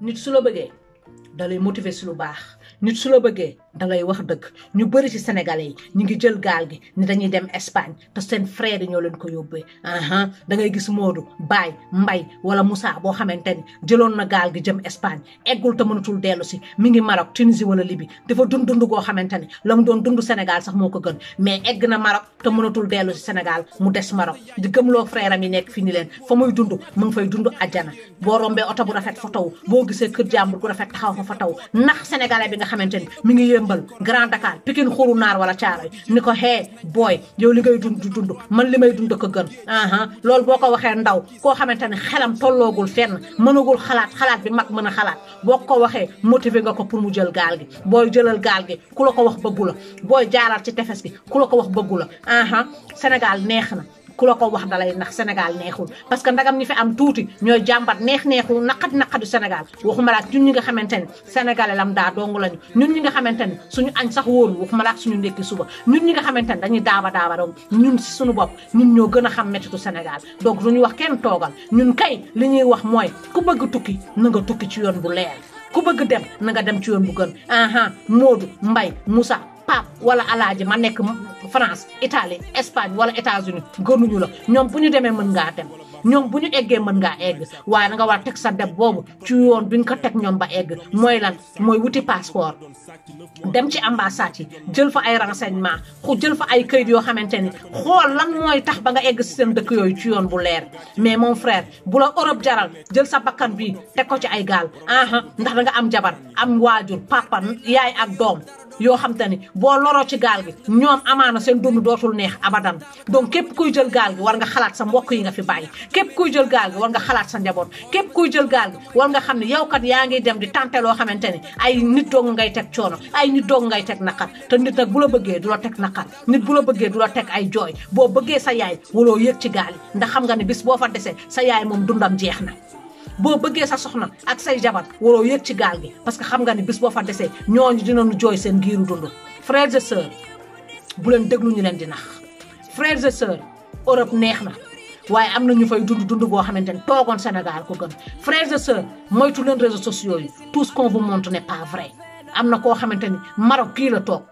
nit su la bëggee da lay motiver si lu baax nit su la bëggee dangay wax dëgg ñu bëri ci sénégalais yi ñu ngi jël gaal gi ni dañuy dem Espagne te seen frère yi ñoo leen ko yóbbee da ngay gis Modou Baye Mbay wala Moussa boo xamante jëloon na gaal gi jëm Espagne eggul te mënatul dellu si mi ngi Maroc Tunisie wala Libye dafa dund dund goo xamante ni la mu doon dund Sénégal sax moo ko gën mais egg na Maroc te mënatul dellu si Sénégal mu des Maroc di gëmloo frère am yi nekk fi ni leen fa muy dund mu ngi fay dund àjjana boo rombee oto bu rafet fa taw boo gisee kër jàmbur bu rafet taxaw fa fa taw yëmbal Grand Dakar Pikine xuru naar wala caaray ni ko xee booy yow li ngay dund dund man li may dund ko gën aha loolu boo ko waxee ndaw koo xamante ne xelam tolloogul fenn mënagul xalaat xalaat bi mag mën a xalaat boo ko waxee motivé nga ko pour mu jël gaal gi booy jëlal gaal gi ku la ko wax bëggu la booy jaaral ci tefes gi ku la ko wax bëggu la aha Sénégal neex na ku la ko wax dalay nax Sénégal neexul parce que ndagam ñi fi am tuuti ñooy jàmbat neex neexul naqadi naqadu Sénégal waxuma laak ñun ñi nga xamante ne Sénégalais lam daa dong lañu ñun ñi nga xamante ne suñu añ sax wóoru waxuma laak suñu ndekki suba ñun ñi nga xamante ne dañuy daaba daaba dong ñun suñu bopp ñun ñoo gën a xam méttitu Sénégal donc duñu wax kenn toogal ñun kay li ñuy wax mooy ku bëgg tukki na nga tukki ci yoon bu leer ku bëgg dem na nga dem ci yoon bu gën aha Modou Mbaye Moussa Pape wala Alaaji ma nekk ma France Italie Espagne wala États-Unis gënuñu la ñoom bu ñu demee mën ngaa dem ñoom bu ñu eggee mën ngaa egg waaye da nga waa teg sa deb boobu ci yoon bi nga ko teg ñoom ba egg mooy lan mooy wuti passeport dem ci ambassade yi jël fa ay renseignement ku jël fa ay këyit yoo xamante ni xool lan mooy tax ba nga egg si seen dëkk yooyu ci yoon bu leer mais moom frère bu la Europe jaral jël sa bakkan bii teg ko ci ay gaal aha ndax danga am jabar am waajur papa yaay ak doom yoo xam te ni boo loroo ci gaal gi ñoom amaana seen dund dootul neex abadan donc képp kuy jël gaal gi war nga xalaat sa mbokk yi nga fi bàyyi képp kuy jël gaal gi war nga xalaat sa njaboot képp kuy jël gaal gi war nga xam ne yow kat yaa ngi dem di tànte loo xamante ni ay nit doog ngay teg coono ay nit doog ngay teg naqar te nit nag bu la bëggee du la teg naqar nit bu la bëggee du la teg ay jooy boo bëggee sa yaay waloo yëg ci gaal yi ndax xam nga ne bis boo fa desee sa yaay moom dundam jeex na boo bëggee sa soxna ak say jabar waroo yëg ci gaal gi parce que xam nga ni bis boo fa desee ñooñu dinañu jooy seen giiru dund frères et sœurs bu leen déglu ñu leen di nax frères et sœurs neex na waaye am na ñu fay dund dund boo xamante ne toogoon Sénégal ko gën frères et sœurs moytu leen réseaux yi tout ce qu'on vous montre n'est pas vrai am na koo xamante ni Maroc kii la toog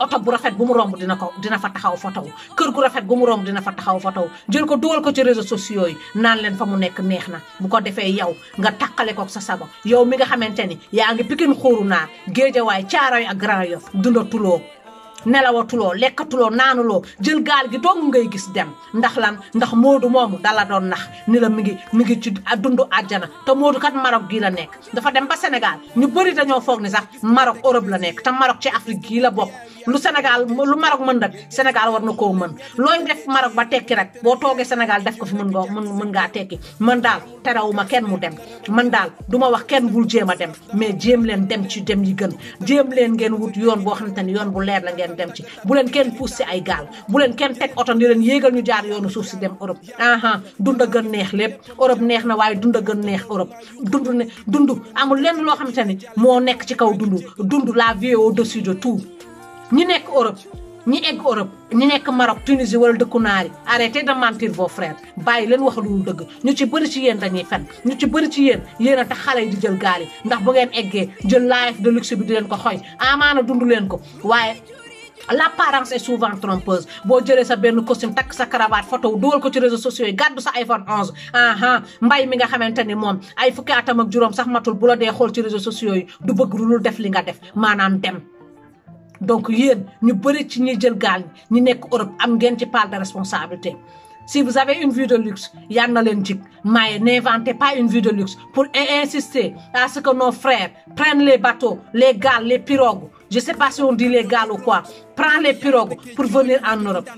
oto bu rafet bu mu romb dina ko dina fa taxaw fa kër gu rafet bu mu romb dina fa taxaw fa taw jël ko dugal ko ci réseaux sociaux yi naan leen fa mu nekk neex na bu ko defee yow nga takkale ko sa sago yow mi nga xamante ni yaa ngi Pikine xóoru naar Géejawaay Caaroy ak Grand Yoff dundatuloo nelawatuloo lekkatuloo naanuloo jël gaal gi dong ngay gis dem ndax lan ndax moodu moomu dala doon nax ni la mi ngi mi ngi ci dund àjjana te moodu kat Maroc gii la nekk dafa dem ba Sénégal ñu bëri dañoo foog ni sax Maroc Europe la nekk ta Maroc ci Afrique gii la bokk lu Sénégal lu Maroc mën rek Sénégal war na koo mën looy def Maroc ba tekki rek boo toogee Sénégal def ko fi mën nga mën mën ngaa tekki mën daal terewuma kenn mu dem mën daal duma wax kenn bul jéem a dem mais jéem leen dem ci dem yi gën jéem leen ngeen wut yoon boo xamante ni yoon bu leer la ngeen dem ci bu leen kenn pousse si ay gaal bu leen kenn teg oto ni leen yéegal ñu jaar yoonu suuf si dem Europe aha dund a gën neex lépp Europe neex na waaye dund a gën neex Europe dund ne dund amul lenn loo xamante ni moo nekk ci kaw dund dund la vie au-dessus de ñi nekk Europe ñi egg Europe ñi nekk Maroc Tunisie wala dëkku naar yi arrêtez de mentir vos frères bàyyi leen wax lu dëgg ñu ci bëri ci yéen dañuy fen ñu ci bëri ci yéen yéen a tax xale yi di jël gaali yi ndax bu ngeen eggee jël life de luxe bi di leen ko xoy amaana dund leen ko waaye l'apparence est souvent trompeuse boo jëlee sa benn costume takk sa cravate photo wu dugal ko ci réseaux sociaux yi gàddu sa iPhone 11 aha mbay mi nga xamante ni moom ay fukki ak juróom sax matul bu la dee xool ci réseaux sociaux yi du bëgg lu def li nga def maanaam dem donc yéen ñu bëri ci ñi jël gaal ñi nekk Europe am ngeen ci part de responsabilité si vous avez une vie de luxe yal na leen jig mais n'inventez pas une vie de luxe pour insister à ce que nos frères prennent les bateaux les gaales les pirogues je sais pas on dit les gaales quoi prend les pirogues pour venir en Europe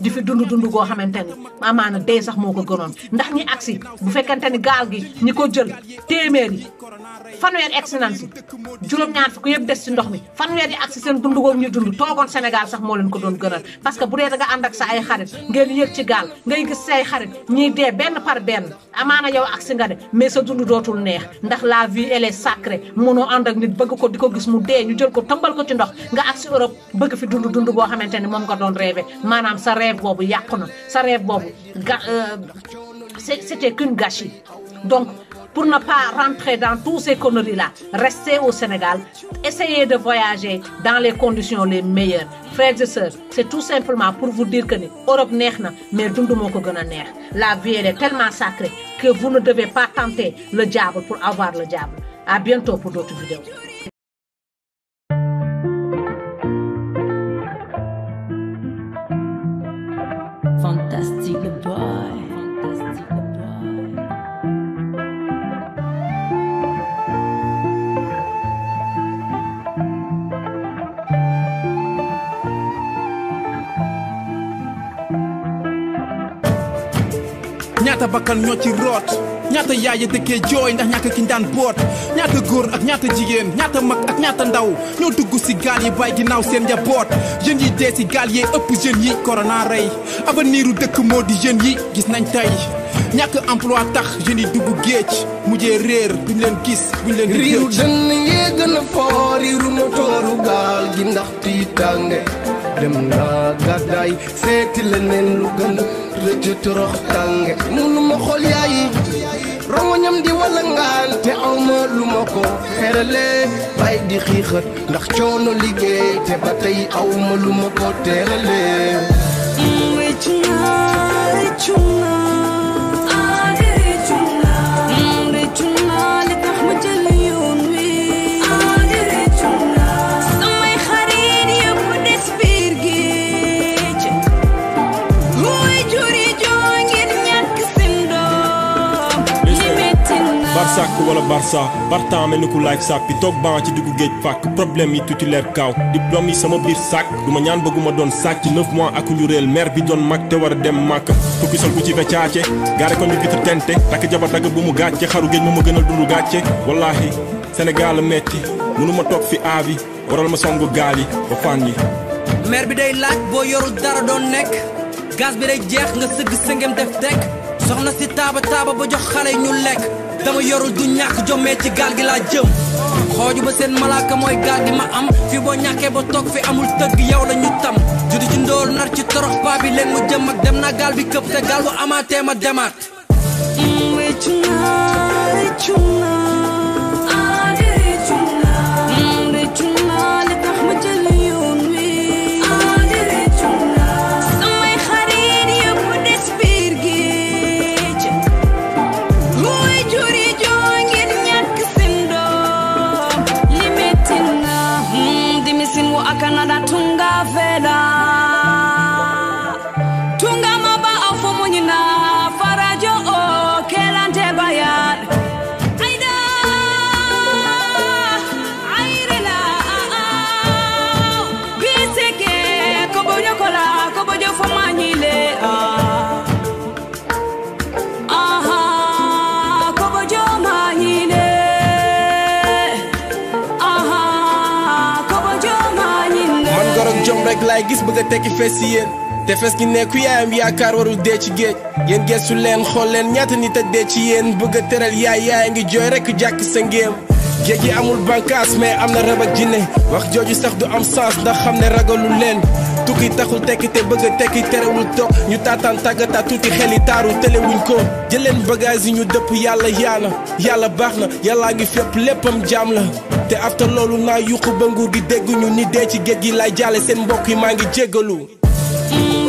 di fi dund dund goo xamante ni amaana dee sax moo ko gënoon ndax ñi agsi bu fekkente ni gaal gi ñi ko jël téeméer yi fanweer agsi nan si juróom-ñaar fi ndox mi fanweer yi agsi seen dund googu ñu dund toogoon Sénégal moo leen ko doon gënal parce que bu dee da nga ak sa ay xarit ngeen yëg ci gaal ngay gis dee benn par benn amaana yow agsi nga de mais sa dund dootul neex ndax la vie elle est sacrée mënoo ànd ak nit bëgg ko di ko gis mu dee ñu jël ko tëmbal ko ci ndox nga agsi bëgg fi dund dund boo xamante ni moom nga doon rêvé maanaam sa rêve boobu yàqu na sa rêve boobu ga euh, c'était qu'une gâchis donc pour ne pas rentrer dans tous ces conneries-là, restez au Sénégal, essayez de voyager dans les conditions les meilleures. Frères et sœurs, c'est tout simplement pour vous dire que l'Europe n'est pas, mais La vie elle est tellement sacrée que vous ne devez pas tenter le diable pour avoir le diable. À bientôt pour d'autres vidéos. ñaata bakkan ñoo ci root ñaata yaay a dëkkee jooy ndax ñàkk kiñ daan boot ñaata góor ak ñaata jigéen ñaata mag ak ñaata ndaw ñoo dugg si gaal yi bàyyi ginnaaw seen njaboot jeunes yi dee si gaal yee ëpp jeunes yi corona rey avenir u dëkk moo di jeunes yi gis nañ tey ñàkk emploi tax jeunes yi dugg géej mujjee réer buñ leen gis buñ leen riiru dënn ngee gën a foor riiru motooru gaal gi ndax tiitaange dem naa gàddaay seeti leneen lu gën rëcc torox tànge munuma xool yaay rongoñam di walla ngaan te awma lu ma ko xerale bay di xiixat ndax coono liggéey te ba tey awma lu ma ko teerale barsak wala barsa partant mel ni ku life sàppi toog ban ci diggu géej fàkk problème yi titulaire kaaw diplôme yi sama biir sàkk du ma ñaan bëgguma doon sàkk ci neuf ak lu réel maire bi doon mag te war a dem màkk fukki sol ku ci fecaace gaare ko ni vitre tente takk jabar dagg bu mu gàcce xaru géej ma gën a dund gàcce wallaahi Sénégal a metti mënu ma toog fi aabi waral ma songu gaal yi ba fànn yi maire bi day laaj boo yorul dara doon nekk gaz bi day jeex dama yorul du ñàkk jommee ci gaal gi laa jëm xooju ba seen malaaka mooy gaal gi ma am fi boo ñàkkee ba toog fi amul tëgg yow la tam juddu ci ndóol nar ci torox paa bi leen mu jëm ak dem naa gaal bi këpp te gaal bu amaatee ma demaat rek laay gis bëgg a tekki fees si yéen te fees gi ne ku yaayam yaakaar warul dee ci géej yéen geesu leen xool leen ñaata nit a dee ci yéen bëgg a tëral yaay yaay ngi jooy rek jàkk sa ngéem géej gi amul bànkaas mais am na rab ak jinne wax jooju sax du am sens ndax xam ne ragalul leen tukki taxul tekki te bëgg a tekki terewul toog ñu taataan tàggataat tuuti xel yi taaru telewuñ ko jëleen bagage yi ñu dëpp yàlla yaana yàlla baax na yàllaa ngi fépp léppam jaam la te after loolu na yuqu ba nguur gi dégguñu ni dee ci géej gi lay jaale seen mbokk yi maa ngi jéggalu mm,